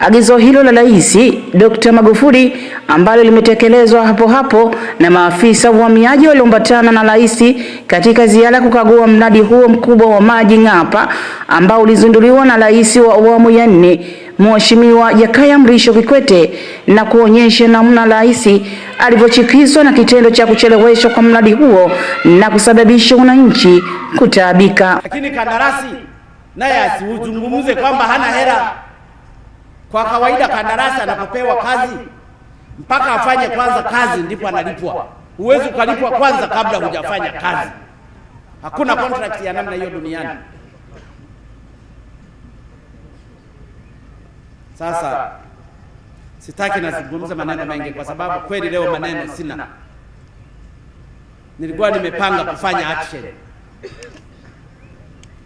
Agizo hilo la Rais Dr. Magufuli ambalo limetekelezwa hapo hapo na maafisa uhamiaji walioambatana na Rais katika ziara ya kukagua mradi huo mkubwa wa maji Ng'apa ambao ulizinduliwa na Rais wa awamu ya nne Mheshimiwa Jakaya Mrisho Kikwete na kuonyesha namna rais alivyochikizwa na kitendo cha kucheleweshwa kwa mradi huo na kusababisha wananchi kutaabika. Lakini kandarasi naye asizungumze kwamba hana hera. Kwa kawaida kandarasi anapopewa kazi mpaka afanye kwanza kazi ndipo analipwa. Huwezi ukalipwa kwanza kabla hujafanya kazi. Hakuna contract ya namna hiyo duniani. Sasa sitaki nazungumza maneno mengi, kwa sababu kweli leo maneno sina. Nilikuwa nimepanga kufanya action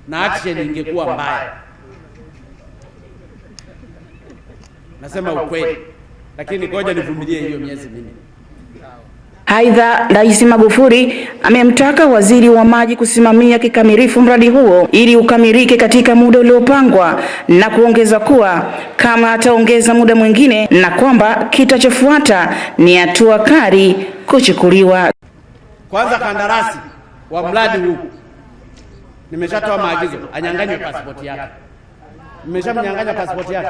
na action ingekuwa mbaya. nasema ukweli, lakini ngoja nivumilie hiyo miezi minne. Aidha, Rais Magufuli amemtaka waziri wa maji kusimamia kikamilifu mradi huo ili ukamilike katika muda uliopangwa na kuongeza kuwa kama ataongeza muda mwingine na kwamba kitachofuata ni hatua kali kuchukuliwa. Kwanza, kandarasi wa mradi huu nimeshatoa maagizo anyanganywe pasipoti yake, nimeshamnyanganya pasipoti yake.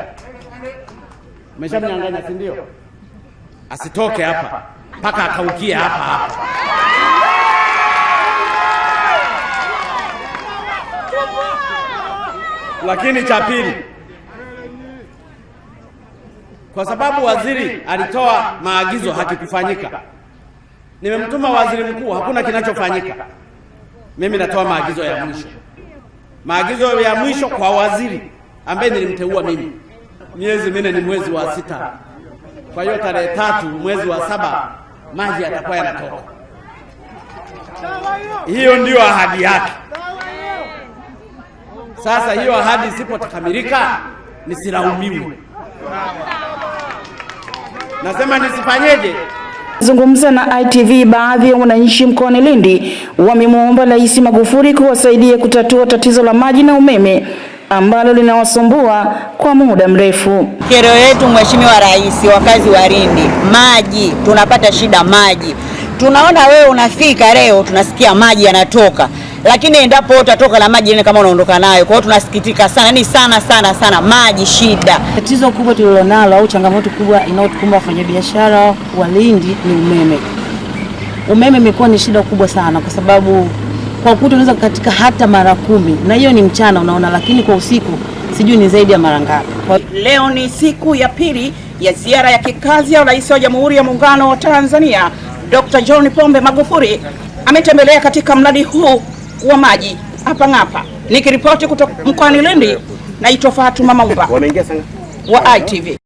Umeshamnyang'anya, si ndio? Asitoke hapa mpaka akaukie hapa hapa. Lakini cha pili, kwa sababu waziri alitoa maagizo, hakikufanyika. Nimemtuma waziri mkuu, hakuna kinachofanyika. Mimi natoa maagizo ya mwisho, maagizo ya mwisho kwa waziri ambaye nilimteua mimi miezi minne ni mwezi wa sita. Kwa hiyo tarehe tatu mwezi wa saba maji yatakuwa yanatoka. Hiyo ndiyo ahadi yake. Sasa hiyo ahadi isipokamilika nisilaumiwe. Nasema nisifanyeje? Zungumza na ITV, baadhi ya wananchi mkoani Lindi wamemwomba Rais Magufuli kuwasaidia kutatua tatizo la maji na umeme ambalo linawasumbua kwa muda mrefu. Kero yetu Mheshimiwa Rais, wakazi wa Lindi, maji tunapata shida maji. Tunaona wewe unafika leo, tunasikia maji yanatoka, lakini endapo utatoka na maji kama unaondoka nayo. Kwa hiyo tunasikitika sana, ni yaani sana sana sana, maji shida. Tatizo kubwa tulilonalo au changamoto kubwa inayotukumba wafanyabiashara wa Lindi ni umeme. Umeme imekuwa ni shida kubwa sana kwa sababu kwa ukuta unaweza katika hata mara kumi, na hiyo ni mchana unaona, lakini kwa usiku sijui ni zaidi ya mara ngapi. Leo ni siku ya pili ya ziara ya kikazi ya Rais wa Jamhuri ya Muungano wa Tanzania Dr. John Pombe Magufuli ametembelea katika mradi huu wa maji hapa Ng'apa. Nikiripoti kutoka mkoani Lindi, naitwa Fatuma Mamba wa ITV.